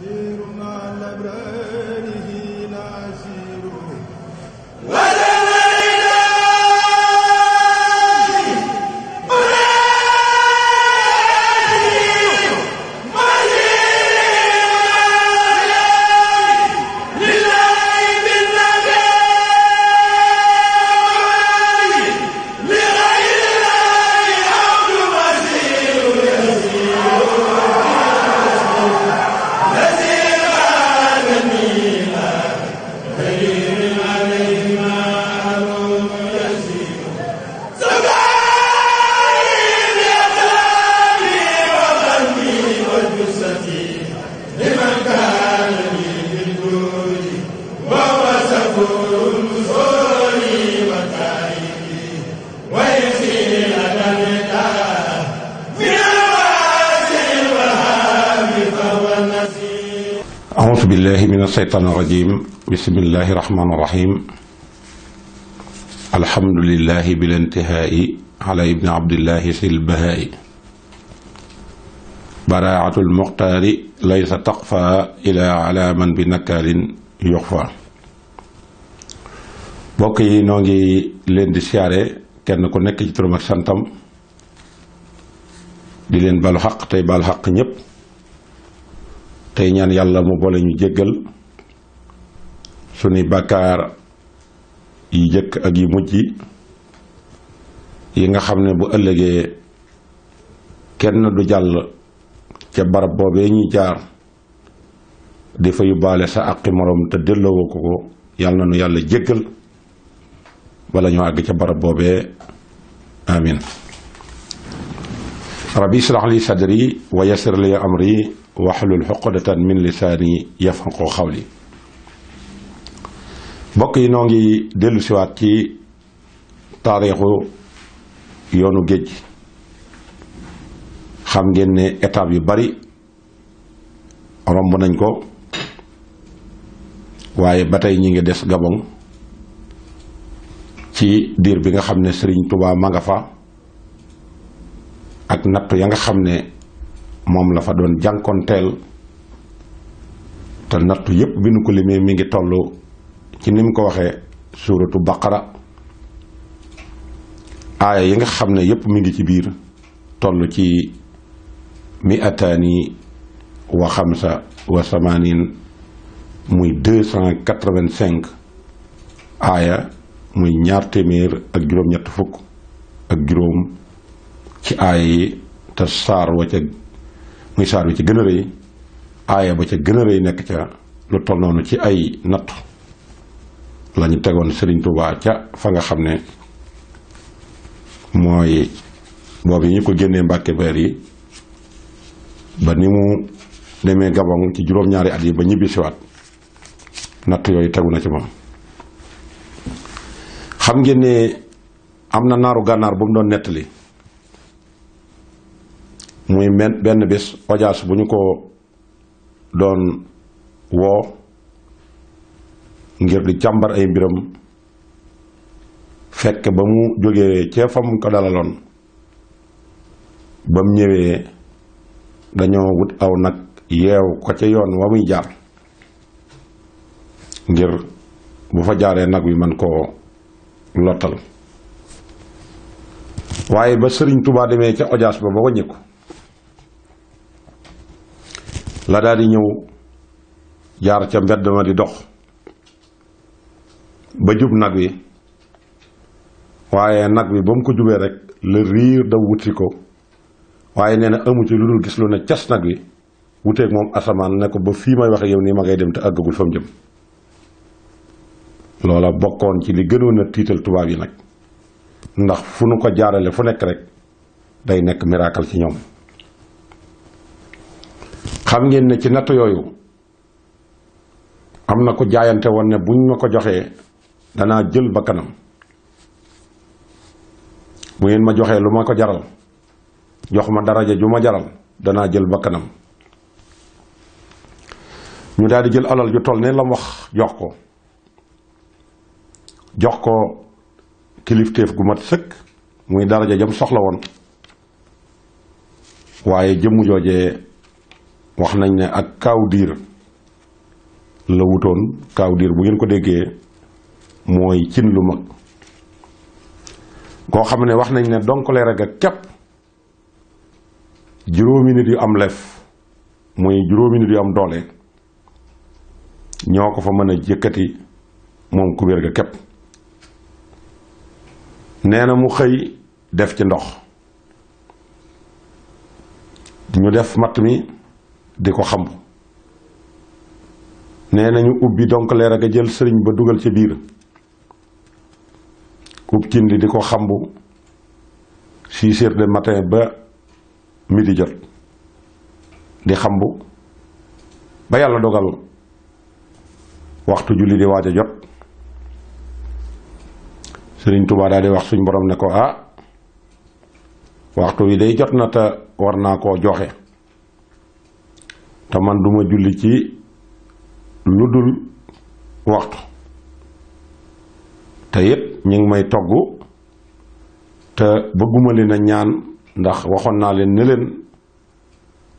سير مع الأبرار هنا سير الشيطان الرجيم بسم الله الرحمن الرحيم الحمد لله بلا انتهاء على ابن عبد الله سي البهاء براعة المختار ليس تقفى إلى على من بنكال يخفى bokk yi noo ngi leen di siyaare kenn ku nekk ci turam ak santam di leen balu xaq tey balu xaq ñépp tey ñaan yàlla mu boole ñu jéggal suñu bakkaar yi jëkk ak yi mujj yi nga xam ne bu ëllëgee kenn du jàll ca barab boobee ñuy jaar di fa yóbbaale sa àqi moroom te delloo ko ko yàlla na nu yàlla jéggal wala ñu àgg ca barab boobee amin rabbi israh li sadri wa yassir li amri wahlul uqdatan min lisaani yafqahu qawli mbokk yi noo ngi dellu ci taarixu yoonu géej xam ngeen ne étape yu bari romb nañ ko waaye ba tey ñi ngi des Gabon ci diir bi nga xam ne Sëriñ tubaab ma nga fa ak nattu ya nga xam ne moom la fa doon jànkoonteel te nattu yépp bi nu ko limee mi ngi tollu ci ni mu ko waxee suuratu baqara aaya yi nga xam ne yépp mi ngi ci biir toll ci mi ataani wa xamsa wa samaanin muy deux cent quatre-vingt-cinq aaya muy ñaar téeméer ak juróom-ñett fukk ak juróom ci aaya yi te saar wa ca muy saar wi ci gën a rëy aaya ba ca gën a rëy nekk ca lu toll ci ay natt lañu tegoon Serigne Touba ca fa nga xam ne mooy boobu yi ñu ko génnee Mbàkke Bari yi ba ni mu demee Gabon ci juróom-ñaari at yi ba ñibbisiwaat natt yooyu tegu na ci moom xam ngeen ne am na naaru gànnaar bu mu doon nettali muy men benn bés audience bu ñu ko doon woo ngir di càmbar ay mbiram fekk ba mu jógee ca fam ko dalaloon ba mu ñëwee dañoo wut aw nag yeew ko ca yoon wa muy jaar ngir bu fa jaaree nag wi man koo lottal waaye ba sëriñ Touba demee ca ojaas ba ba wàññiku la daal di ñëw jaar ca mbedd ma di dox ba jub nag wi waaye nag wi ba mu ko jubee rek le riir da wuti ko waaye nee na amu ci lu dul gis lu ne cas nag wi wuteeg moom asamaan ne ko ba fii may waxe yow nii ma ngay dem te àggagul fa mu jëm loola bokkoon ci li gënoon a tiital tubaab yi nag ndax fu nu ko jaarale fu nekk rek day nekk miracle ci ñoom xam ngeen ne ci natt yooyu am na ko jaayante woon ne buñ ma ko joxee danaa jël bakkanam bu ngeen ma joxee lu ma ko jaral jox ma daraja ju ma jaral danaa jël bakkanam ñu daal di jël alal ju toll ne la wax jox ko jox ko kilifteef gu mat sëkk muy daraja jam soxla woon waaye jëmm joojee wax nañ ne ak kaaw diir la wutoon kaaw bu ngeen ko déggee mooy cin lu mag koo xam ne wax nañ ne donk ak a képp juróomi nit yu am lef mooy juróomi nit yu am doole ñoo ko fa mën a jëkkati moom kubéer ga képp nee na mu xëy def ci ndox ñu def matt mi di ko xamb nee nañu ubbi donkaleer ak a jël sëriñ ba dugal ci biir kub kindi di ko xambu six heures de matin ba midi jot di xambu ba yàlla dogal waxtu julli di waaj a jot Sëriñ Tuubaa daal di wax suñ boroom ne ko ah waxtu wi day jot na te war naa ko joxe te man duma julli ci lu dul waxtu te it ñu ngi may togg te bëgguma leen a ñaan ndax waxoon naa leen ne leen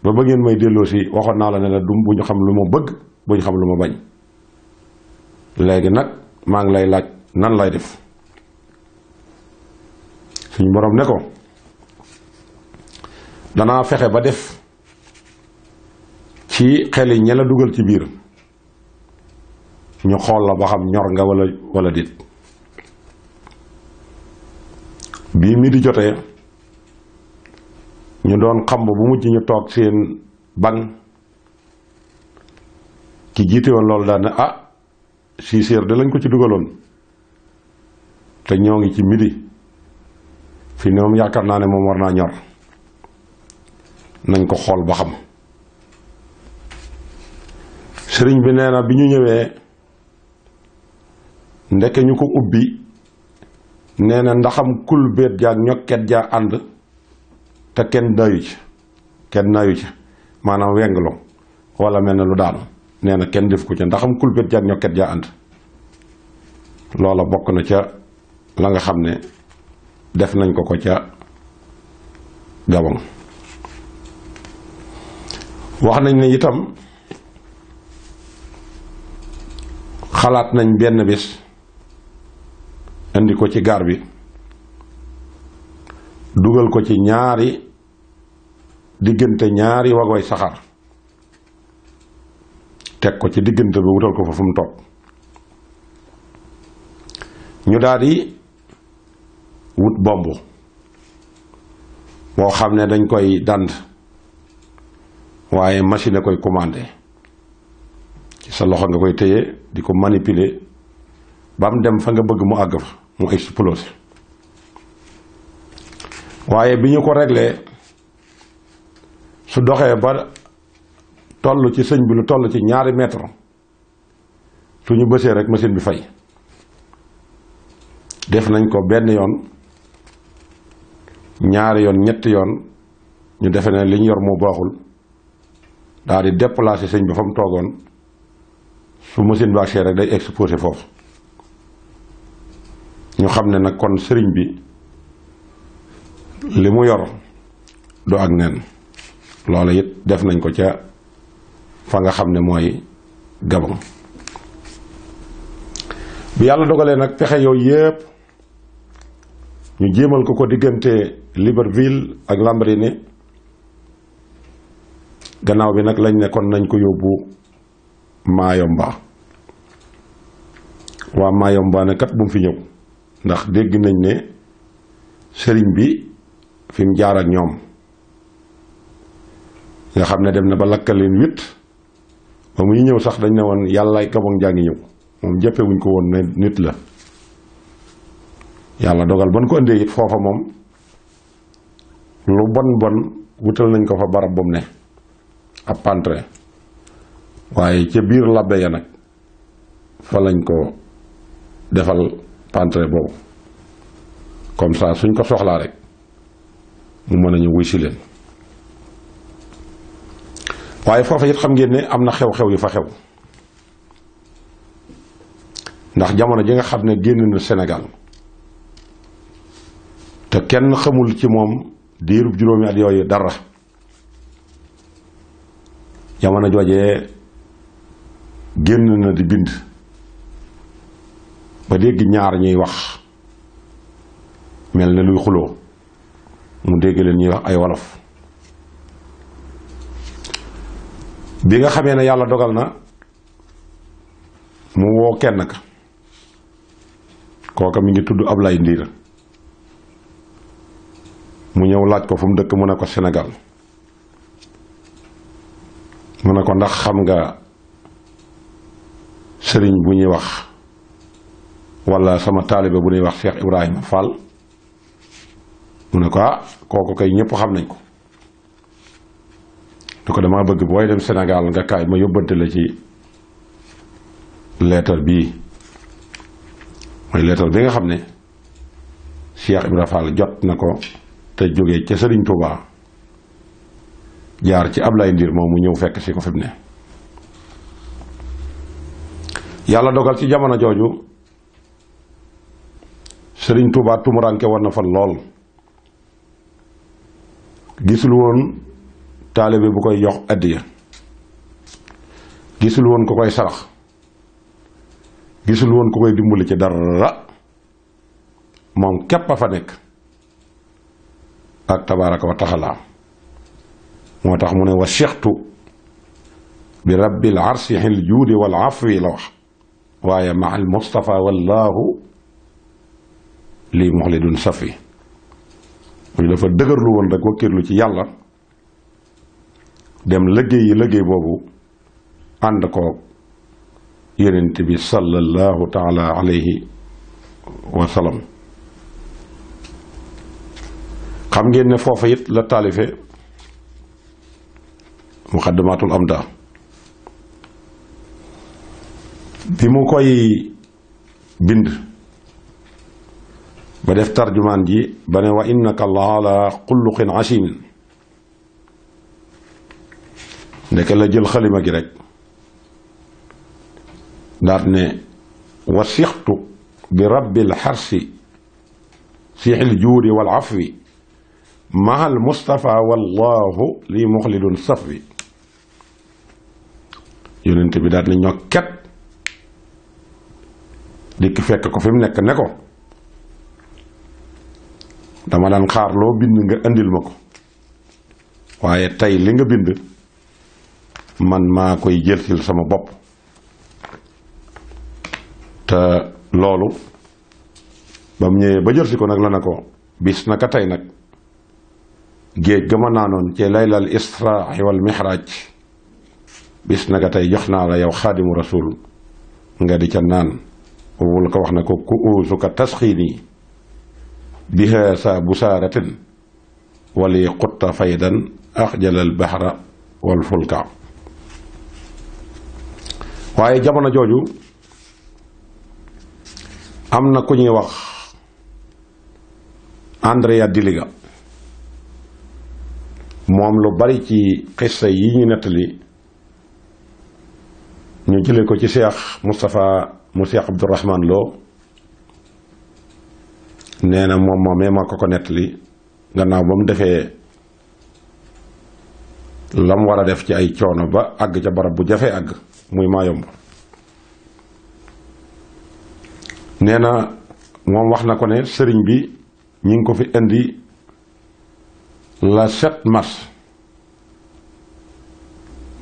ba bëggeen may delloo si waxoon naa la ne la du bu ñu xam lu ma bëgg bu ñu xam lu ma bañ léegi nag maa ngi lay laaj nan lay def suñ borom ne ko danaa fexe ba def ci xel yi ña la dugal ci biir ñu xool la ba xam ñor nga wala wala déet bii mi di jotee ñu doon xamb bu mujj ñu toog seen ban ki jiite woon loolu daal ne ah six heures de lañ ko ci dugaloon te ñoo ngi ci midi fi ne moom yaakaar naa ne moom war naa ñor nañ ko xool ba xam sëriñ bi nee bi ñu ñëwee ndeke ñu ko ubbi nee na ndaxam kul béet jaag ñokket jaa ànd te kenn dayu ci kenn nayu ci maanaam wenglo wala mel ne lu daanu nee na kenn def ko ca ndaxam kul béet jaag jaa ànd loola bokk na ca la nga xam ne def nañ ko ko ca Gabon wax nañ ne itam xalaat nañ benn bis indi ko ci gaar bi dugal ko ci ñaari diggante ñaari wagoy saxaar teg ko ci diggante bi wutal ko fa fu mu toog ñu daal di wut bomb moo xam ne dañ koy dànd waaye machine koy commandé ci sa loxo nga koy téye di ko manipuler ba mu dem fa nga bëgg mu àgg fa mu explosé waaye bi ñu ko réglé su doxee ba toll ci sëñ bi lu toll ci ñaari mètre su ñu bësee rek machine bi fay def nañ ko benn yoon ñaari yoon ñetti yoon ñu defe ne li ñu yor mu baaxul daal di déplacer sëñ bi fa mu toogoon su machine bi agsee rek day exposé foofu ñu xam ne nag kon sëriñ bi li mu yor du ak nen loola it def nañ ko ca fa nga xam ne mooy Gabon bu yàlla dogalee nag pexe yow yépp ñu jéemal ko ko diggante Libreville ak Lambaréné gannaaw bi nag lañ ne kon nañ ko yóbbu Mayomba waa Mayomba ne kat bu mu fi ñëw ndax dégg nañ ne sëriñ bi fi mu jaar ak ñoom nga xam ne dem na ba lakkal leen wit ba muy ñëw sax dañ ne woon yàlla kaboon jaa ngi ñëw moom jëppewuñ ko woon ne nit la yàlla dogal ban ko indee it foofa moom lu bon bon wutal nañ ko fa barab bu mu ne ab pantre waaye ca biir labbe ya nag fa lañ ko defal pentre boobu comme ça suñ ko soxlaa rek mu mën a ñu wuy si leen waaye foofa it xam ngeen ne am na xew-xew yu fa xew ndax jamono ji nga xam ne génn na Sénégal te kenn xamul ci moom diirub juróomi at yooyu dara jamono joojee génn na di bind ba dégg ñaar ñuy wax mel ne luy xuloo mu dégg leen ñuy wax ay wolof bi nga xamee ne yàlla dogal na mu woo kenn ka kooka mi ngi tudd Ablaye Ndiir mu ñëw laaj ko fu mu dëkk mu ne ko Sénégal mu ne ko ndax xam nga sëriñ bu ñuy wax wala sama taalibe bu ñuy wax Cheikh Ibrahima Fall mu ne ko ah kooku kay ñëpp xam nañ ko du ko damaa bëgg booy dem Sénégal nga kaay ma yóbbante la ci leetar bii mooy leetar bi nga xam ne Cheikh Ibrahima Fall jot na ko te jógee ca Sëriñ Tuubaa jaar ci Ablaye Ndir moom mu ñëw fekk si ko fi mu ne yàlla dogal ci jamono jooju sëriñ Touba tumuranke war na fa lool gisul woon taalibe bu koy jox addiya gisul woon ku koy sarax gisul woon ku koy dimbali ci dara moom képp a fa nekk ak tabaaraka wa taxalaa moo tax mu ne wa sextu bi rabbil arsi xil juudi wal afwi la wax waaye ma al Mustafa wallahu lii muxlidun safi muy dafa dëgërlu woon rek wakkirlu ci yàlla dem liggéey yi liggéey boobu ànd koog yonent bi sallallahu taala alayhi wa xam ngeen ne foofa it la taalife muqaddamatul amda bi mu koy bind ba def tarjumaan ji ba wa innaka la ala xulluqin asimin la jël xalima gi rek daat ne wa sixtu bi rabbil xarsi siixil juudi wal afwi mahal Moustapha wallahu li muxlidun saf wi yonent bi daat ne ñokket dikk fekk ko fi mu nekk ne ko dama daan xaar loo bind nga indil ma ko waaye tey li nga bind man maa koy jëlsil sama bopp te loolu ba mu ñëwee ba jëlsi ko nag la na ko bis naka tey nag géej ga ma naanoon ci laylal israa wal mixraaj bis naka tey jox naa la yow xaadimu rasul nga di ca naan wowul ko wax na ko ku uusu ka tasxiin yi biha saa busaaratin wali xutta faydan axjalal baxra wal fulka waaye jamono jooju am na ku ñuy wax Andrea Diliga moom lu bari ci xissa yi ñu nettali ñu jële ko ci Cheikh Moustapha mu Cheikh Abdourahman Lo nee na moom moomee ma ko ko nettali gannaaw ba mu defee la mu war a def ci ay coono ba àgg ca barab bu jafee àgg muy Maayomb nee na moom wax na ko ne sëriñ bi ñu ngi ko fi indi la 7 mars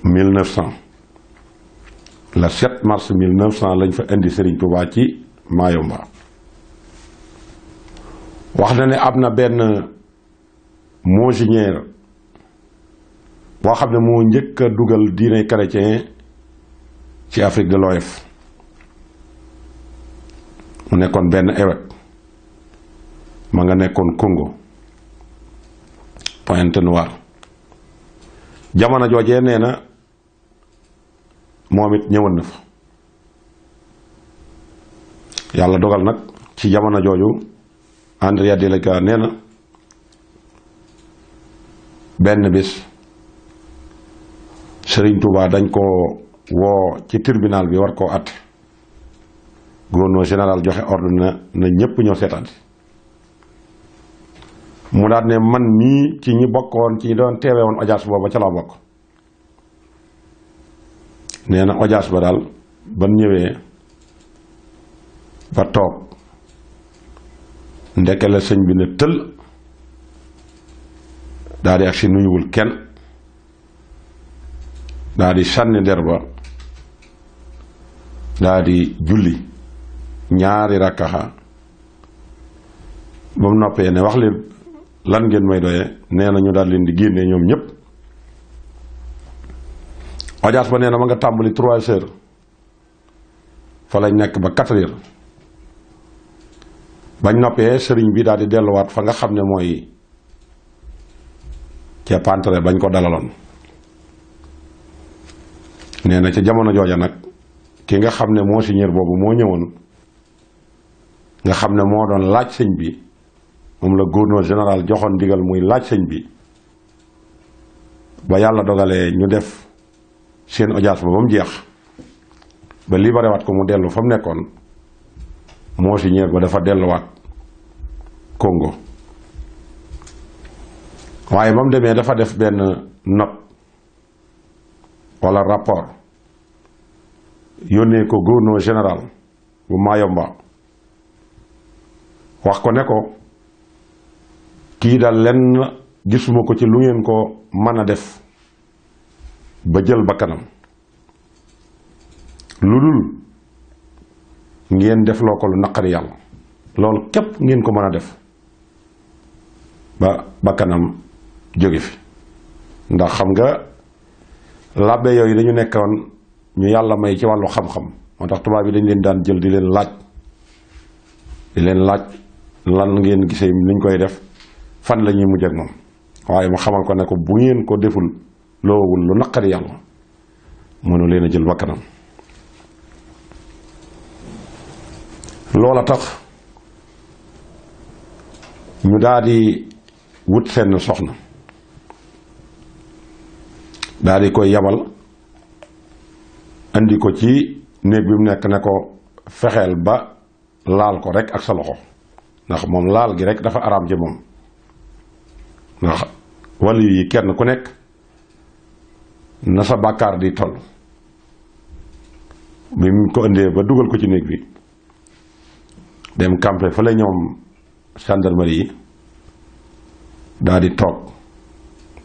1900 la 7 mars 1900 lañ fa indi sëriñ Tuubaa ci Maayomba wax na ne am na benn monseigneur boo xam ne moo njëkk a dugal diine chrétien ci Afrique de l'Ouest mu nekkoon benn évêque mu nga nekkoon Congo Pointe-Noire jamono joojee nee na moom it ñëwoon na fa yàlla dogal nag ci jamono jooju Andrea Delegar nee benn bis Serigne Touba dañ ko woo ci tribunal bi war koo àtte gouverneur général joxe ordre na ñépp ñoo seetaan mu daal ne man mii ci ñi bokkoon ci ñi doon teewe woon audience booba ca laa bokk nee na ba daal ban ñëwee ba toog ndeke la sëñ bi ne tël daa di agsi nuyuwul kenn daa di sànni der ba daa di julli ñaari rakkaxa ba mu noppee ne wax leen lan ngeen may doyee nee nañu daal leen di génnee ñoom ñëpp audience ba nee na ma nga tàmbali trois heures fa lañ nekk ba quatre bañ noppee sëriñ bi daal di delluwaat fa nga xam ne mooy ca pantre bañ ko dalaloon nee na ca jamono jooja nag ki nga xam ne moo siñeer boobu moo ñëwoon nga xam ne moo doon laaj sëñ bi moom la gouverneur général joxoon ndigal muy laaj sëñ bi ba yàlla dogalee ñu def seen audience ba ba mu jeex ba libéré waat ko mu dellu fa mu nekkoon monseigneur ba dafa delluwaat Congo waaye ba mu demee dafa def benn note walla rapport yónnee ko gouverneur général bu Mayomba wax ko ne ko kii daal lenn gisuma ko ci lu ngeen ko mën a def ba jël bakkanam lu dul ngeen defloo ko lu naqari yàlla loolu képp ngeen ko mën a def ba bakkanam jóge fi ndax xam nga làbbe yooyu dañu nekkoon ñu yàlla may ci wàllu xam-xam moo tax tubaab yi dañu leen daan jël di leen laaj di leen laaj lan ngeen gisee liñ koy def fan la ñuy mujj ak moom waaye mu xamal ko ne ko bu ngeen ko deful loowul lu naqari yàlla mënu leen a jël bakkanam loola tax ñu daal di wut seen soxna daal di koy yabal andi ko ci néeg bi mu nekk ne ko fexeel ba laal ko rek ak sa loxo ndax moom laal gi rek dafa araam ci moom ndax wàllu yi kenn ku nekk na sa bàkkaar di toll bi mu ko indee ba dugal ko ci néeg bi dem campé fa la ñoom gendarmerie yi daal toog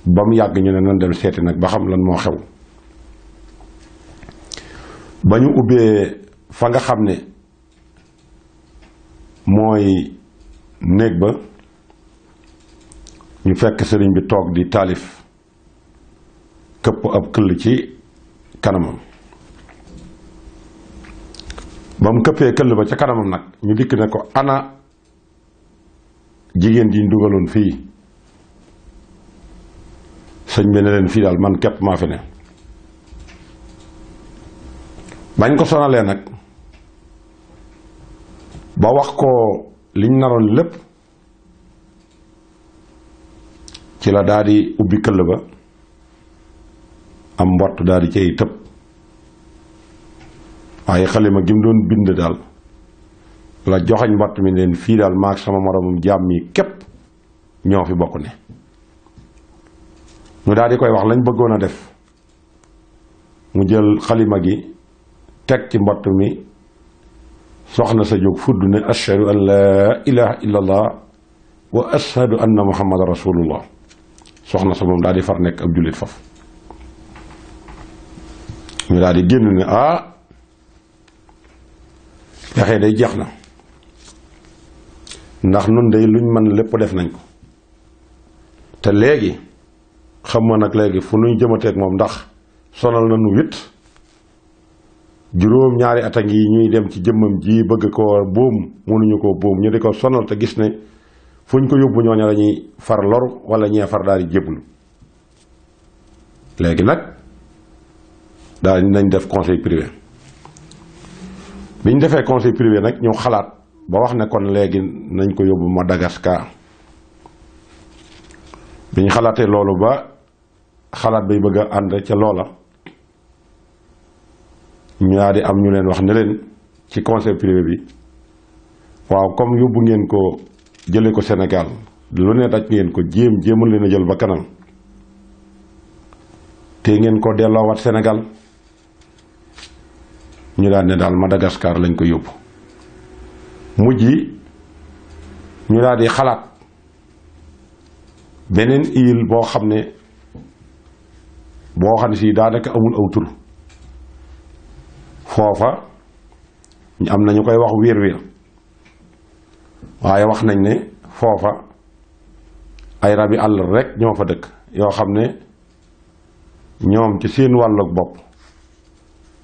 ba mu yàgg ñu ne nan dem seeti nag ba xam lan moo xew ba ñu ubbee fa nga xam ne mooy néeg ba ñu fekk sëriñ bi toog di taalif këpp ab këll ci kanamam ba mu këppee këll ba ca kanamam nag ñu dikk ne ko ana jigéen ji ñu dugaloon fii sëñ bi ne leen fii daal man képp maa fi ne bañ ko sonalee nag ba wax ko liñ naroon lépp ci la daal di ubbi këll ba am mbott daal di cay tëb waaye xalima gi mu doon bind daal la joxañ mbatt mi leen fii daal maag sama moromum jàmm yi képp ñoo fi bokk ne mu daal di koy wax lañ bëggoon a def mu jël xalima gi teg ci mbatt mi soxna sa jóg fudd ne ashhadu an laa ilaha illa allah wa ashhadu anna muhammad rasulullah soxna sa moom daal di far nekk ab jullit faf ñu daal di génn ne ah yaxee day jeex na ndax nun day luñ mën lépp def nañ ko te léegi xam ma nag léegi fu nuy jëmateeg moom ndax sonal na nu wit juróom ñaari at a ngi ñuy dem ci jëmmam ji bëgg ko boom mënuñu ko boom ñu di ko sonal te gis ne fuñ ko yóbbu ñooñu dañuy far lor wala ñee far daal di jéblu léegi nag daal nañ def conseil privé biñ defee conseil privé nag ñu xalaat ba wax ne kon léegi nañ ko yóbbu Madagascar biñ xalaatee loolu ba xalaat bay bëgg a ànd ca loola ñu daal di am ñu leen wax ne leen ci conseil privé bi waaw comme yóbbu ngeen ko jëlee ko senegal lu ne daj ngeen ko jéem jéemal leen a jël ba kanam te ngeen ko delloowaat senegal ñu daal ne daal Madagascar lañ ko yóbbu. mujj ñu daal di xalaat beneen île boo xam ne boo xam ne sii daanaka amul aw tur foofa ñu am nañu koy wax wiir wiir waaye wax nañ ne foofa ay rabi àll rek ñoo fa dëkk yoo xam ne ñoom ci seen wàllug bopp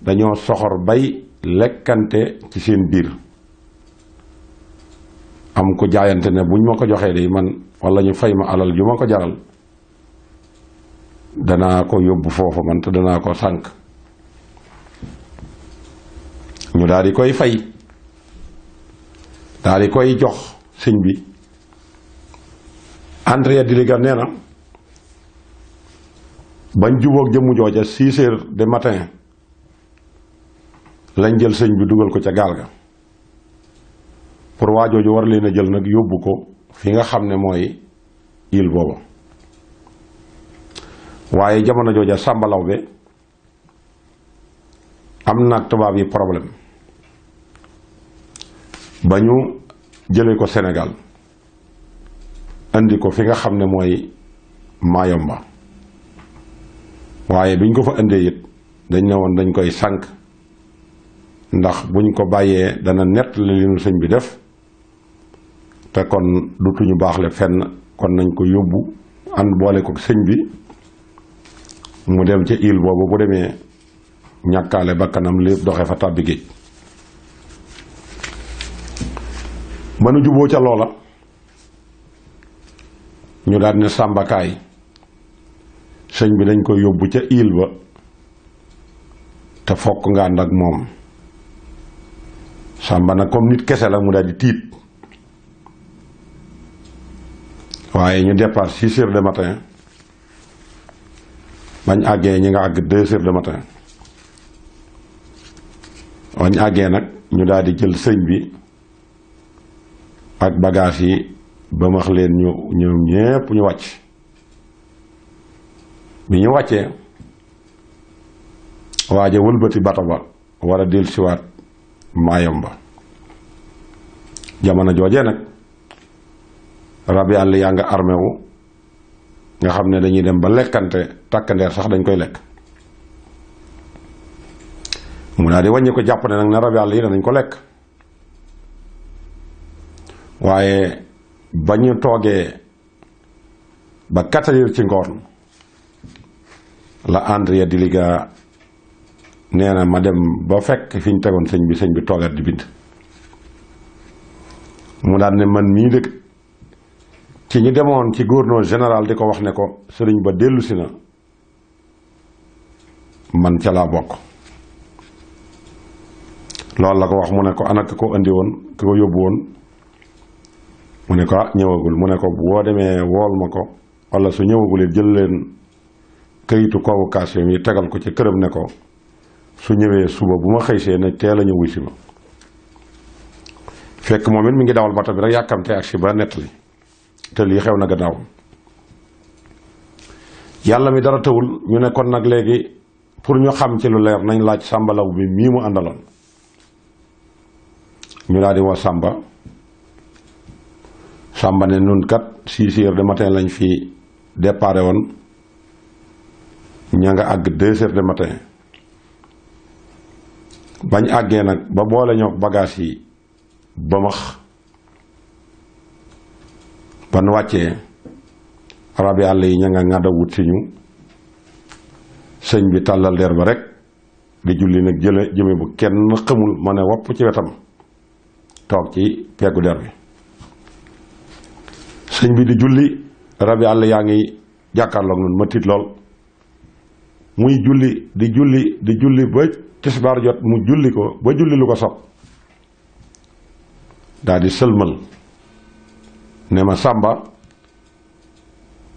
dañoo soxor bay lekkante ci seen biir am ko jaayante ne buñ ma ko joxee de man wala ñu fay ma alal ju ma ko jaral danaa ko yóbbu foofu man te danaa ko sànk ñu daal di koy fay daal di koy jox sëñ bi André Diligan nee na bañ jubóog jëmmu jooja six heures de matin lañ jël sëñ bi dugal ko ca gaal ga pour waa jooju war leen a jël nag yóbbu ko fi nga xam ne mooy il booba waaye jamono jooja Sàmba bi am na tubaab yi problème ba ñu jëlee ko senegal indi ko fi nga xam ne mooy Mayomba waaye biñ ko fa indee it dañ ne woon dañ koy sànk ndax bu ñu ko bàyyee dana nett li nu sëñ bi def te kon dutuñu baaxle fenn kon nañ ko yóbbu ànd boole ko sëñ bi mu dem ca île boobu bu demee ñàkkaale bakkanam lépp doxe fa tàbbi géej ba nu juboo ca loola ñu daal ne sàmbakaay sëñ bi dañ koy yóbbu ca île ba te fokk nga ànd ak moom sàmba nag comme nit kese la mu daal di tiit waaye ñu départ six heures de matin bañ àggee ñi nga àgg deux heures de matin bañ àggee nag ñu daal di jël sëñ bi ak bagaas yi ba max leen ñu ñoom ñépp ñu wàcc bi ñu wàccee waaja wëlbati bato ba war a dellusiwaat maayom ba jamono joojee nag rab yàlla yaa nga armé nga xam ne dañuy dem ba lekkante tàkkandeer sax dañ koy lekk mu daal di wàññi ko jàpp ne nag ne rab yàlla yi dañ ko lekk waaye ba ñu toogee ba quatre heures ci ngoon la di Diliga nee na ma dem ba fekk fi ñu tegoon sëñ bi sëñ bi toogaat di bind mu daal ne man mii dëkk ci ñi demoon ci góor gouverneur général di ko wax ne ko sëriñ ba dellu si na man ca laa bokk loolu la ko wax mu ne ko ana ki ko indi woon ki ko yóbbu woon mu ne ko ah ñëwagul mu ne ko boo demee wool ma ko wala su ñëwagul it jël leen kayitu convocation yi tegal ko ci këram ne ko su ñëwee suba bu ma xëysee ne teel a ñëw wuy si ma fekk moom it mi ngi dawal bata bi rek yàkkamte ak si ba nettali te yi xew na gannaaw yàlla mi dara tawul ñu ne nag léegi pour ñu xam ci lu leer nañ laaj sàmbalaw bi mii mu àndaloon ñu daal di woo sàmba sàmba ne nun kat six de matin lañ fi déparé woon ña nga àgg deux heures de matin bañ àggee nag ba boole ñoo bagage yi ba ban wàccee arab yàlla yi ña nga wut si ñu sëñ bi tàllal der ba rekk di julli nag jële jëme bu kenn xamul ma ne wopp ci wetam toog ci peggu der bi sëñ bi di julli arab yàlla yaa ngi jàkkaarloog noonu ma tiit lool muy julli di julli di julli ba tisbaar jot mu julli ko ba julli lu ko sopp daal di sëlmal ne ma sàmba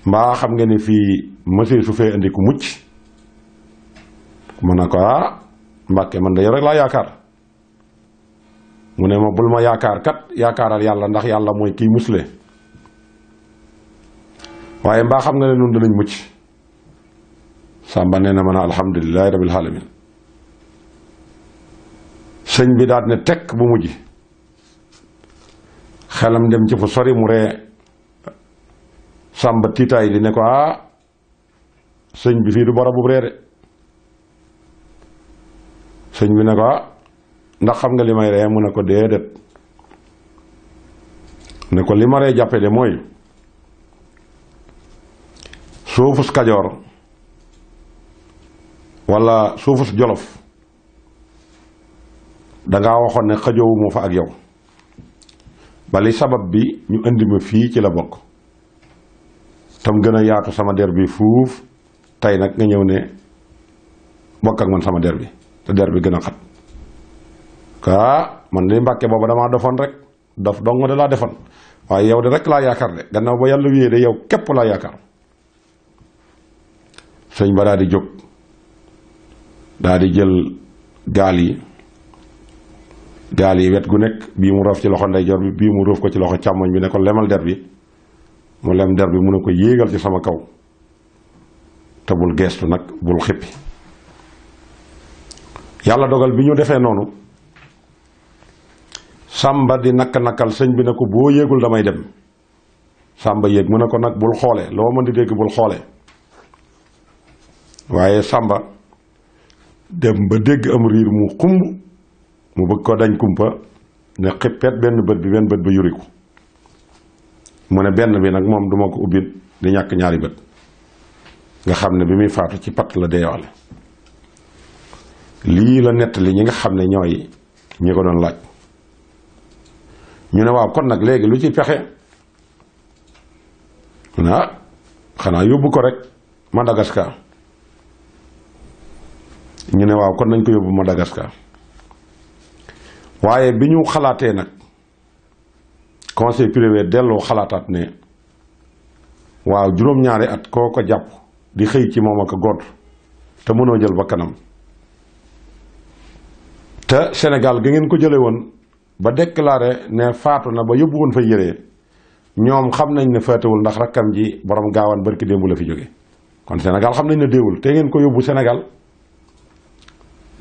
mbaa xam nga ni fii monsieur su fee indi mucc mu ne ko ah Mbàkke man de yow rek laa yaakaar mu ne ma bul ma yaakaar kat yaakaaral yàlla ndax yàlla mooy kii musle waaye mbaa xam nga ne nun danañ mucc sàmba nee man ma ne alhamdulilahi rabil alamin sëñ bi daal ne tekk bu mujj xelam dem ci fu sori mu ree sàmba tiitaay li ne ko ah sëñ bi fii du borobu ree de sëñ bi ne ko ah ndax xam nga li may ree mu ne ko déedéet ne ko li ma ree jàppe de mooy suufus kajoor walla suufus jolof danga waxoon ne xëjoowu fa ak yow bali sabab bi ñu indi ma fii ci la bokk tam gën a yaatu sama der bi fuuf tey nag nga ñëw ne bokk ak man sama der bi te der bi gën a xat kaa man de mbàkke booba damaa defoon rek daf dong de laa defoon waaye yow de rek laa yaakaar de gannaaw ba yàlla wéyee de yow képp laa yaakaar sëñ ba daa di jóg daa di jël gaal yi gaal yi wet gu nekk bii mu roof ci loxo ndeyjoor bi bii mu roof ko ci loxo càmmoñ bi ne ko lemal der bi mu lem der bi mu ne ko yéegal ci sama kaw te bul geestu nag bul xippi yàlla dogal bi ñu defee noonu sàmba di nakk-nakkal sëñ bi ne ko boo yéegul damay dem sàmba yéeg mu ne ko nag bul xoole loo mën di dégg bul xoole waaye sàmba dem ba dégg am riir mu xumb mu bëgg ko dañ kumpa ne xippeet benn bët bi benn bët ba yuriku mu ne benn bi nag moom duma ko ubbi di ñàkk ñaari bët nga xam ne bi muy faatu ci patt la deewaale lii la nettali ñi nga xam ne ñooy ñi ko doon laaj ñu ne waaw kon nag léegi lu ci pexe ah xanaa yóbbu ko rek Madagascar ñu ne waaw kon nañ ko yóbbu Madagascar waaye bi ñu xalaatee nag conseil privé delloo xalaataat ne waaw juróom-ñaari at koo ko jàpp di xëy ci moom ak a te mënoo jël ba kanam te senegal ga ngeen ko jële woon ba déclaré ne faatu na ba yóbbu woon fa yére ñoom xam nañ ne faatuwul ndax rakkam ji boroom gaawaan barki démb la fi jóge kon senegal xam nañ ne déewul te ngeen ko yóbbu senegal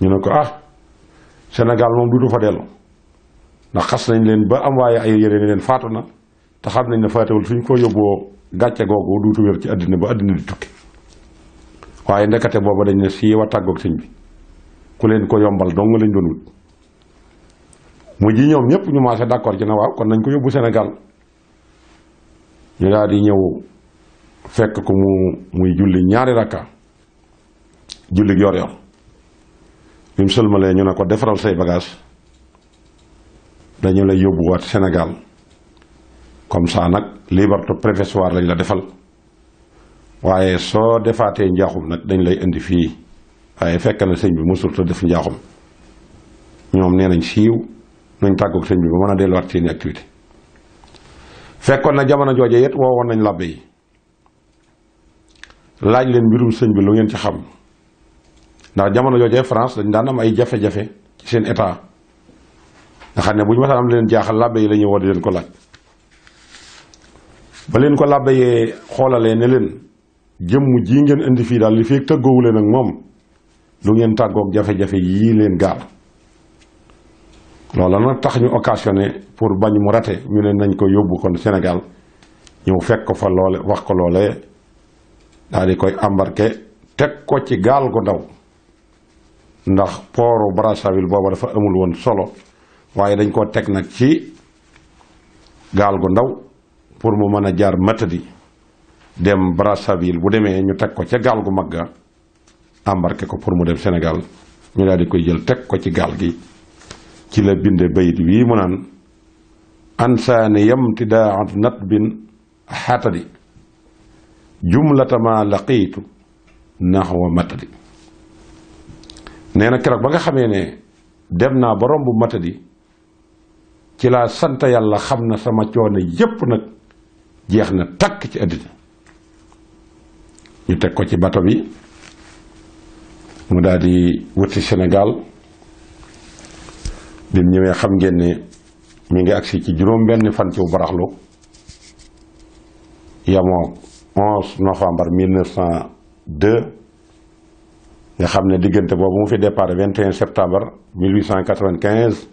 ñu ne ko ah Sénégal moom duutu fa dellu ndax xas nañ leen ba am waaye ay yére ne leen faatu na te xam nañ ne faatewul suñ ko yóbboo gàcce googu duutu wér ci àddina ba àddina di tukki waaye ndekate booba dañ ne si wa tàggoog sëñ bi ku leen ko yombal dong lañ doon wut mu ji ñoom ñëpp ñu maase d'accord ci na waaw kon nañ ko yóbbu Sénégal ñu daal di ñëw fekk ko mu muy julli ñaari rakka julli yor bi mu sëlmalee ñu ne ko defaral say bagage dañu la yóbbuwaat Sénégal comme ça nag liberté provisoire lañ la defal waaye soo defaatee njaaxum nag dañ lay indi fii waaye fekk na sëñ bi mosul te def njaaxum ñoom nee nañ siiw nañ tàggoog sëñ bi ba mën a delluwaat seeni activité fekkoon na jamono jooje yet woowoon nañ làbbe yi laaj leen mbirum sëñ bi lu ngeen ci xam ndax jamono joojee France dañ daan am ay jafe-jafe ci seen état nga xam ne bu ñu masaan am leen jaaxal làbbe yi lañuy ñuy woo di leen ko laaj ba leen ko làbbe yee xoolale ne leen jëmm jii ngeen indi fii daal li fekk tëggoowu leen ak moom lu ngeen tàggook jafe-jafe yii leen gaal loola nag tax ñu occasionné pour bañ mu rate ñu ne nañ ko yóbbu kon Sénégal ñëw fekk ko fa loole wax ko loole daal di koy embarqué teg ko ci gaal gu ndaw ndax pooru Brazzaville booba dafa amul woon solo waaye dañ koo teg nag ci gaal gu ndaw pour mu mën a jaar Matadi dem Brazzaville bu demee ñu teg ko ca gaal gu mag ga embarqué ko pour mu dem senegal ñu daal di koy jël teg ko ci gaal gi ci la binde bayit wii mu naan ansaani yamtidaat natbin xatadi jumlatama laqiitu naxwa matadi nee na keroog ba nga xamee ne dem naa ba romb matadi ci laa sant yàlla xam na sama coono yépp nag jeex na takk ci àddina ñu teg ko ci bato bi mu daal di wuti senegal bi mu ñëwee xam ngeen ne mi ngi agsi ci juróom benn fan ci baraxlu yamoo 11 novembre nga xam ne diggante boobu mu fi départ 21 septembre 1895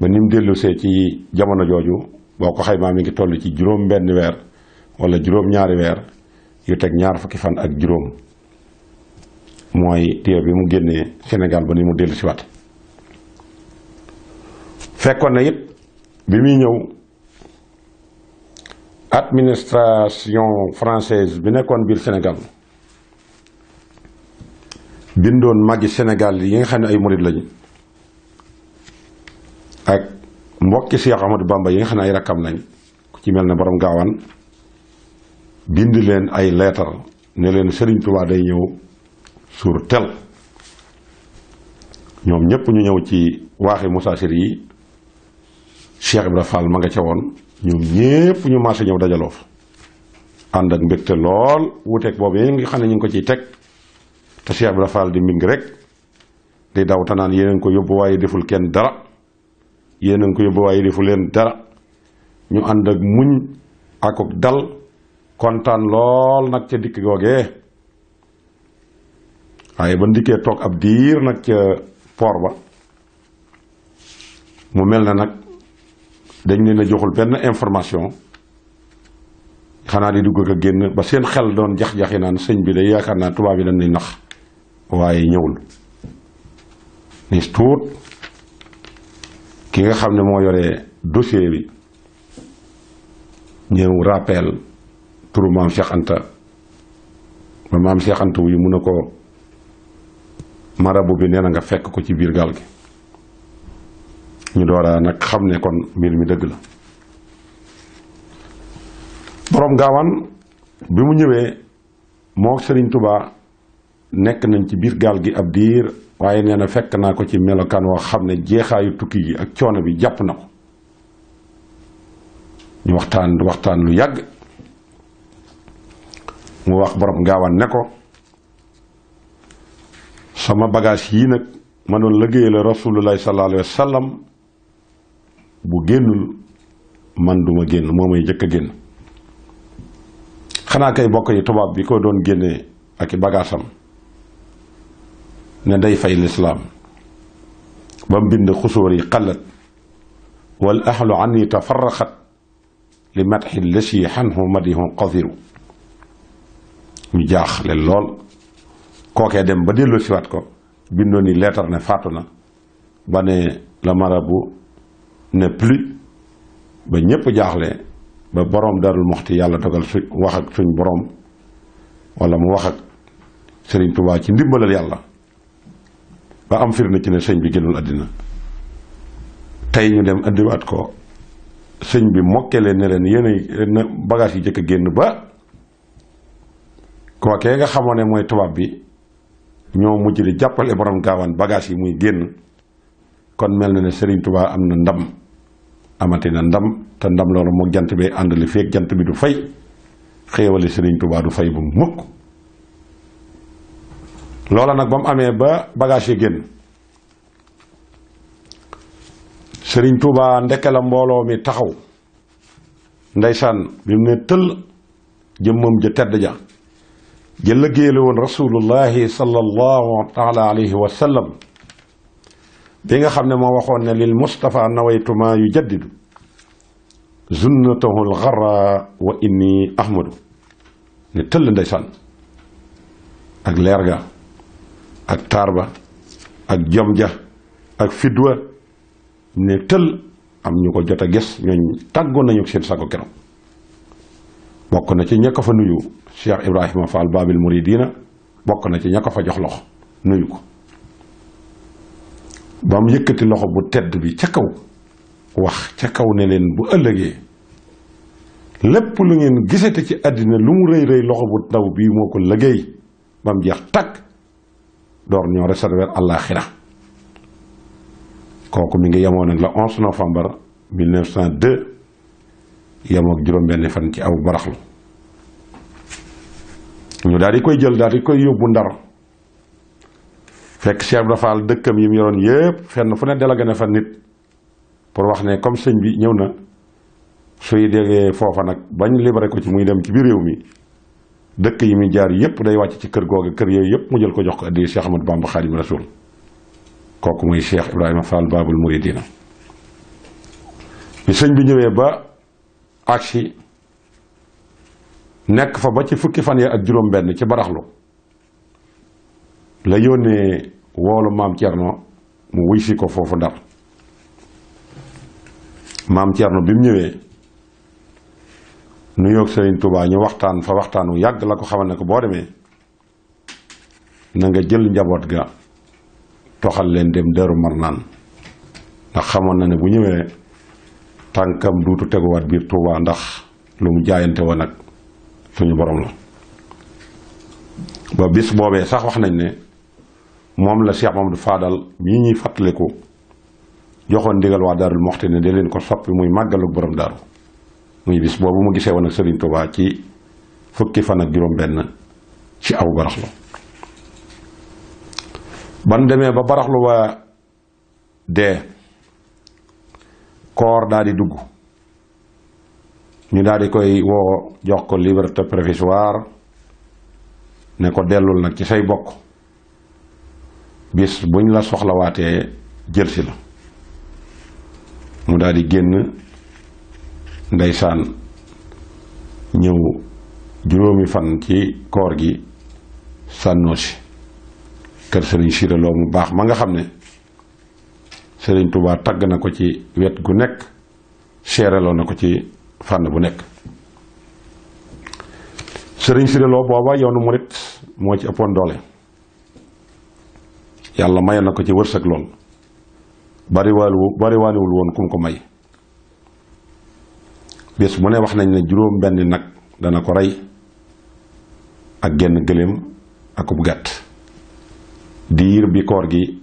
ba ni mu dellusee ci jamono jooju boo ko xaymaa mi ngi toll ci juróom benn weer wala juróom ñaari weer yu teg ñaar fukki fan ak juróom mooy téere bi mu génnee Sénégal ba ni mu dellusi waat fekkoon na it bi muy ñëw administration française bi nekkoon biir Sénégal bindoon magi Sénégal yi nga xam ne ay murid lañu ak mbokki Cheikh Ahmadou yi nga xam ne ay rakkam lañ ku ci mel ne borom gaawaan bind leen ay leetar ne leen Serigne Touba day ñëw suur tel ñoom ñëpp ñu ñëw ci waaxi musaasir yi Cheikh Ibra Fall ma nga ca woon ñoom ñépp ñu marché ñëw dajaloo fa ànd ak mbégte lool wuuteeg boobu yi nga xam ne ñu ngi ko ciy teg. te Cheikh Ibra di mbing rek di daw te naan yéen ko yóbbu waaye deful kenn dara yéen ko yóbbu deful leen dara ñu ànd ak muñ akuk dal kontaan lool nag ca dikk googee waaye ba ndikkee toog ab diir nag ca port ba mu mel na nag dañ leen na joxul benn information xanaa di dugg ak a génn ba seen xel doon jax-jaxi naan sëñ bi day yaakaar naa tubaab yi dañ lay nax waaye ñëwul ni tuut ki nga xam ne moo yore dossier bi ñëw rappel turu maam Cheikh Anta ba maam Cheikh Anta wu mun a ko marabu bi nee na nga fekk ko ci biir gaal gi ñu doora nag xam ne kon mbir mi dëgg la borom gaawaan bi mu ñëwee moo Serigne tubaa nekk nañ ci biir gaal gi ab diir waaye nee na fekk naa ko ci melokaan woo xam ne jeexaayu tukki gi ak coono bi jàpp na ko ñu waxtaan waxtaan lu yàgg mu wax borom gaawaan ne ko sama bagaas yii nag ma doon liggéey la rasulullah sallallahu alayhi bu génnul man duma génn moo may jëkk a génn xanaa kay bokk yi tubaab bi ko doon génnee ak bagaasam ne day fay lislaam ba mu bind xusóor yi xalat wal ahlu an yi tafaraxat li matxi lësi xanhu madihun qadiru ñu jaaxle lool kookee dem ba dellu siwaat ko bindoon ni leetar ne faatu na ba ne la marabu ne plus ba ñépp jaaxle ba boroom darul moxti yàlla dogal su wax ak suñ boroom wala mu wax ak Sëriñ Tuubaa ci ndimbalal yàlla ba am firnde ci ne sëñ bi génnul àddina tey ñu dem indiwaat ko sëñ bi mokkee leen ne leen yéen bagage yi jëkk a génn ba kookee nga xamoon ne mooy tubaab bi ñoo mujj di jàppale borom gaawaan bagaas yi muy génn kon mel na ne sëriñ tubaa am na ndam amati na ndam te ndam loolu moo jant bi àndali feek jant bi du fay xéewali sëriñ Tuubaa du fay bu mukk loola nag ba mu amee ba bagage yi génn sëriñ Touba ndeke la mbooloo mi taxaw ndeysaan bi mu ne tëll jëmmam ja tedd ja ja liggéeyal woon rasulullahi sallallahu taala alayhi bi nga xam ne moo waxoon ne lil Mustafa nawaytuma yu jaddidu zunnatahu lgarra wa inni ahmadu ne tëll ndeysaan ak leer ga ak taar ba ak jom ja ak fidwa ne tël am ñu ko jot a gis ñooñ tàggoon nañu seen sago keroog bokk na ci ña fa nuyu Cheikh Ibrahima Fall Babil Mouridina bokk na ci ña fa jox loxo nuyu ko ba mu yëkkati loxo bu tedd bi ca kaw wax ca kaw ne leen bu ëllëgee lépp lu ngeen gisate ci àddina lu mu rëy rëy loxo bu ndaw bii moo ko liggéey ba mu jeex tàkk door ñoo réserver àllaaxira kooku mu ngi yemoon ak la 11 novembre 1902 yemoo ak juróom-benn fan ci aw baraxlu ñu daal di koy jël daal di koy yóbbu ndar fekk Cheikh Ibra Fall dëkkam yi mu yoroon yépp fenn fu ne délégué na fa nit pour wax ne comme sëñ bi ñëw na suy déggee foofa nag bañ libéré ko ci muy dem ci biir réew mi. dëkk yi muy jaar yëpp day wàcc ci kër googu kër yooyu yëpp mu jël ko jox ko addi Cheikh Ahmadou Bamba Khadim Rasoul kooku muy Cheikh Ibrahima Fall Babul Mouridina bi sëñ bi ñëwee ba agsi nekk fa ba ci fukki fan yi ak juróom benn ci baraxlu la yónnee woolu maam Thierno mu wuy si ko foofu ndar maam Thierno bi mu ñëwee nu yoog Serigne Touba ñu waxtaan fa waxtaan wu yàgg la ko xamal ne ko boo demee na nga jël njaboot ga toxal leen dem Daaru Marnaan ndax xamoon na ne bu ñëwee tànkam duutu teguwaat biir Touba ndax lu mu jaayante woon nag suñu borom la ba bis boobee sax wax nañ ne moom la Cheikh du Fadal ñi ñuy fàttaliku joxoon ndigal waa Daarul Moxti ne di leen ko soppi muy màggalu borom daaru muy bis boobu mu gisee woon ak Serigne Touba ci fukki fan ak juróom-benn ci aw baraxlu ban demee ba baraxlu waa dee koor daal di dugg ñu daal di koy woo jox ko liberté provisoire ne ko dellul nag ci say bokk bis buñ la soxlawaatee jëlsi la mu daal di génn. ndeysaan ñëw juróomi fan ci koor gi sànnoo si kër sëriñ Sira mu baax ma nga xam ne sëriñ Touba tagg na ko ci wet gu nekk seeraloo na ko ci fànn bu nekk sëriñ Sira Lo booba yoonu murit moo ci ëppoon doole yàlla maye na ko ci wërsëg lool bariwaaniwul bariwaaniwul woon kum ko may bés bu ne wax nañ ne juróom benn nag dana ko rey ak genn gëléem akub gàtt diir bi koor gi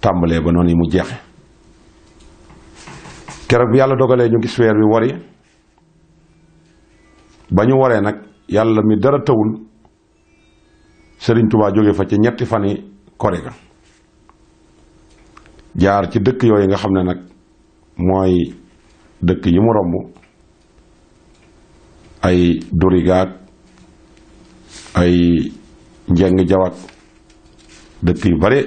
tàmbalee ba noon yi mu jeexe keroog bi yàlla dogalee ñu gis weer wi wori ba ñu woree nag yàlla mi dara tawul Sëriñ Tubaa jóge fa ci ñetti fan yi kore jaar ci dëkk yooyu nga xam ne nag mooy dëkk yi mu romb ay durigaag ay njeng jawak dëkk yu bare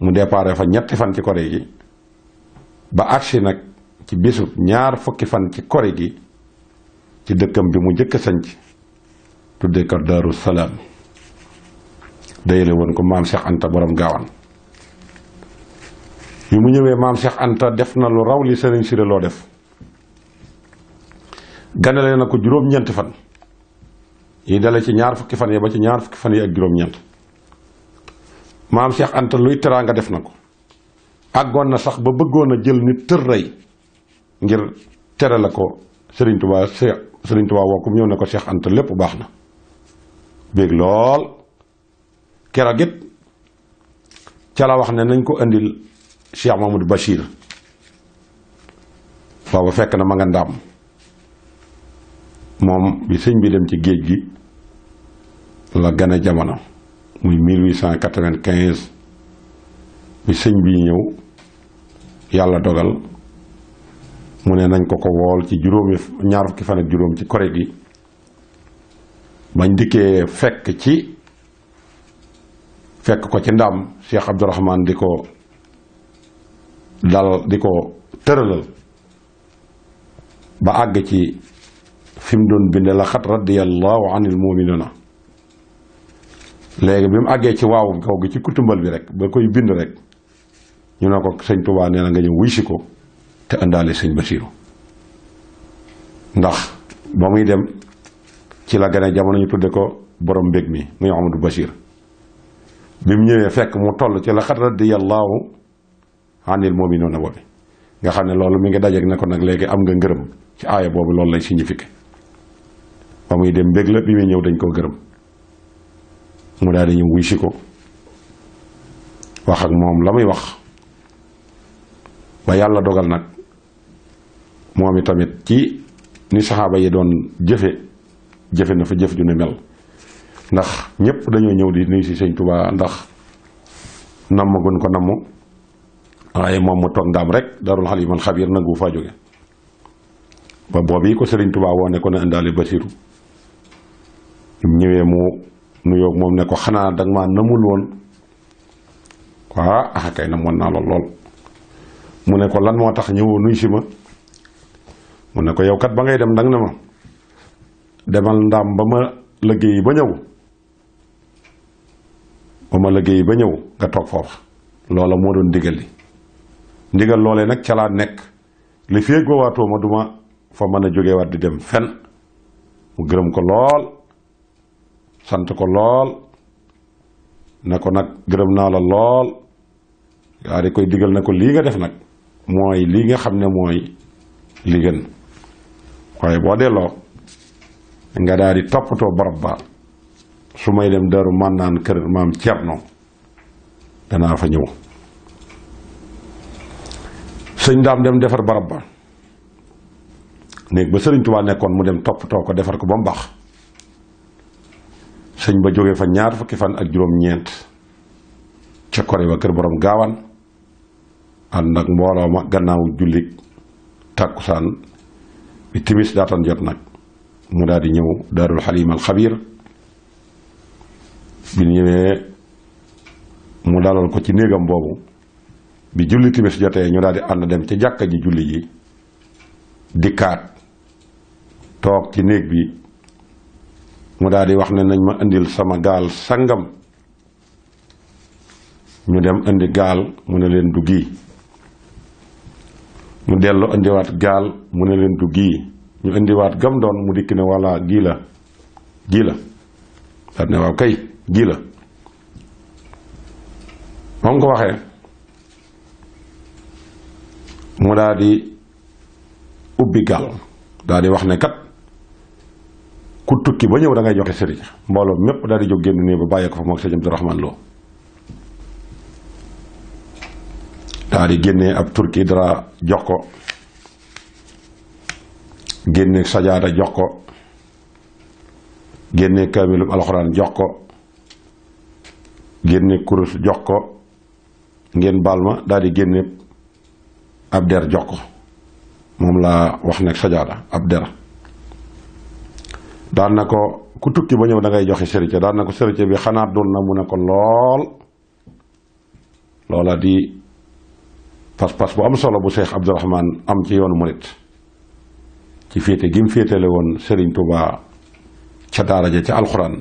mu déparé fa ñetti fan ci kore gi ba agsi nag ci bisu ñaar fukki fan ci kore gi ci dëkkam bi mu njëkk a sanc tudde ko Daaru Salaam dayale ko maam Cheikh Anta borom gaawan bi mu ñëwee maam Cheikh Anta def na lu raw li sëriñ Siré loo def ganale na ko juróom-ñeenti fan yi dale ci ñaar fukki fan yi ba ci ñaar fukki fan yi ak juróom-ñeent maam Cheikh ant luy teraa nga def na ko àggoon na sax ba bëggoon a jël nit tër rey ngir tere la ko Serigne Touba Cheikh ko ñëw ne ko Cheikh Anta lépp baax na béeg lool keroog it ca la wax ne nañ ko indil Cheikh Mamadou Bachir booba fekk na ma nga ndaam moom bi sëñ bi dem ci géej gi la gane jamono muy 1895 bi sëñ bi ñëw yàlla dogal mu ne nañ ko ko wool ci juróomi ñaar fukki fan ak juróom ci koré gi bañ dikkee fekk ci fekk ko ci ndam Cheikh Abdourahman di ko dal di ko tëralal ba àgg ci fi mu doon binde la xat radiyallahu anil muminina léegi bi mu àggee ci waawu kaw gi ci kutumbal bi rek ba koy bind rek ñu ne ko sëñ Tuubaa nee na nga ñëw wuy si ko te àndaale sëñ Basiiru ndax ba muy dem ci la gane jamono ñu tudde ko borom mbég mi muy Amadou Bachir bi mu ñëwee fekk mu toll ci la xat radiyallahu anil muminuna boobi nga xam ne loolu mu ngi dajeeg ne ko nag léegi am nga ngërëm ci aaya boobu loolu lay signifié fa muy dem bég la bi muy ñëw dañ koo gërëm mu daal di ñëw wuy si ko wax ak moom la muy wax ba yàlla dogal nag moom i tamit ci ni saxaaba yi doon jëfe jëfe na fa jëf ju ne mel ndax ñépp dañoo ñëw di nuyu si sëñ Tuubaa ndax namm gun ko namm waaye moom mu toog ndaam rek darul xalimal xabir nangu faa jóge ba boobu yi ko sëriñ Tuubaa woo ne ko na indaale Basiiru ñëwee mu nuyoo moom ne ko xanaa danga maa namul woon waa ah kay namoon naa lool mu ne ko lan moo tax ñëwoo nuyu ma mu ne ko yow kat ba ngay dem dang ne ma demal ndaam ba ma liggéeyi ba ñëw ba ma liggéeyi ba ñëw nga toog foofu loola moo doon ndigal li ndigal loolee nag ca nekk li fee goowaatoo ma duma fa mën a jógewaat di dem fen mu gërëm ko lool sant ko lool ne ko nag gërëm naa la lool yaa di koy digal na ko lii nga def nag mooy lii nga xam ne mooy li gën waaye boo delloo nga daal di toppatoo barab ba su may dem daru man naan kër maam Cerno danaa fa ñëw sëñ daam dem defar barab ba néeg ba sëriñ Tuubaa nekkoon mu dem toppatoo ko defar ko ba mu baax sëñ ba jóge fa ñaar fukki fan ak juróom-ñeent ca kore ba kër borom gaawaan ànd ak mbooloo ma gannaaw julli tàkkusaan bi timis daataan jot nag mu daal di ñëw daarul xalim al xabir bi ñëwee mu dalal ko ci néegam boobu bi julli timis jotee ñu daal di ànd dem ca jàkka ji julli ji dikkaat toog ci néeg bi mu daal di wax ne nañ ma indil sama gaal sangam ñu dem indi gaal mu ne leen du gii mu dellu indiwaat gaal mu ne leen du gii ñu indiwaat gam doon mu dikk ne walla gii la gii la daal ne waaw kay gii la moom ko waxee mu daal di ubbi gaal daal di wax ne kat ku tukki ba ñëw da ngay joxe sëriñ mbooloo mépp daal di jóg génn nii ba bàyyee ko fa moog sëñ Abdu Rahmaan ab turki dara jox ko génne sajaada jox ko génne kaamilub alxuraan jox ko génne kurus jox ko ngeen baal ma daal di génne ab der jox ko moom laa wax nag sajaada ab der daan na ko ku tukki ba ñëw dangay ngay joxe sëricë daan na ko sëricë bi xanaa dul na mu ne ko lool loola di pas-pas bu am solo bu Cheikh Abdourahman am ci yoonu murit ci féete gi féetale woon Serigne Touba ca daara ja ca alxuraan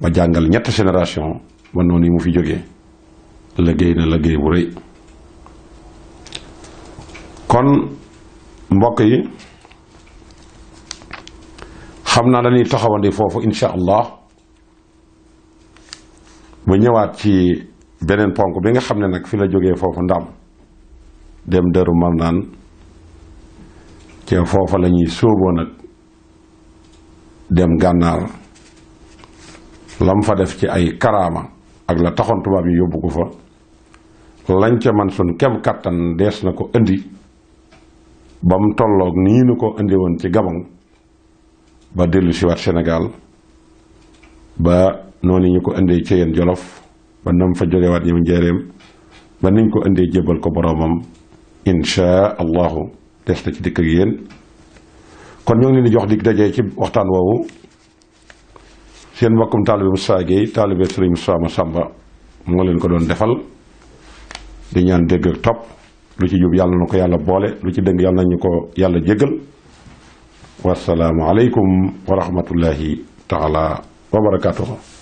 ba jàngal ñett génération ba noonu yi mu fi jógee liggéey na liggéey bu rëy kon mbokk yi xam naa dañuy taxawandi foofu insha allah ba ñëwaat ci beneen ponk bi nga xam ne nag fi la jógee foofu ndam dem dëru mar naan ca foofa la ñuy sóoboo nag dem gànnaar la mu fa def ci ay karaama ak la taxoon tubaab yi yóbbu ko fa lañ ca man suñ kem kattan dees na ko indi bam tolloog nii nu ko indi woon ci gabon ba dellu si waat Sénégal ba noonu ñu ko indee ci yeen Jolof ba nam fa jógewaat ñoom njeereem ba niñ ko indee jébbal ko boroomam insha allahu des na ci dikk yéen kon ñoo ngi leen di jox di dajee ci waxtaan woowu seen mbokkum taalibe Moustapha Guèye taalibe Sëriñ Moustapha Massamba moo leen ko doon defal di ñaan dégg ak topp lu ci jub yàlla na ko yàlla boole lu ci dëng yàlla nañu ko yàlla jéggal wasalaamualeykum wa rahmatullahi taala wa barakatuhu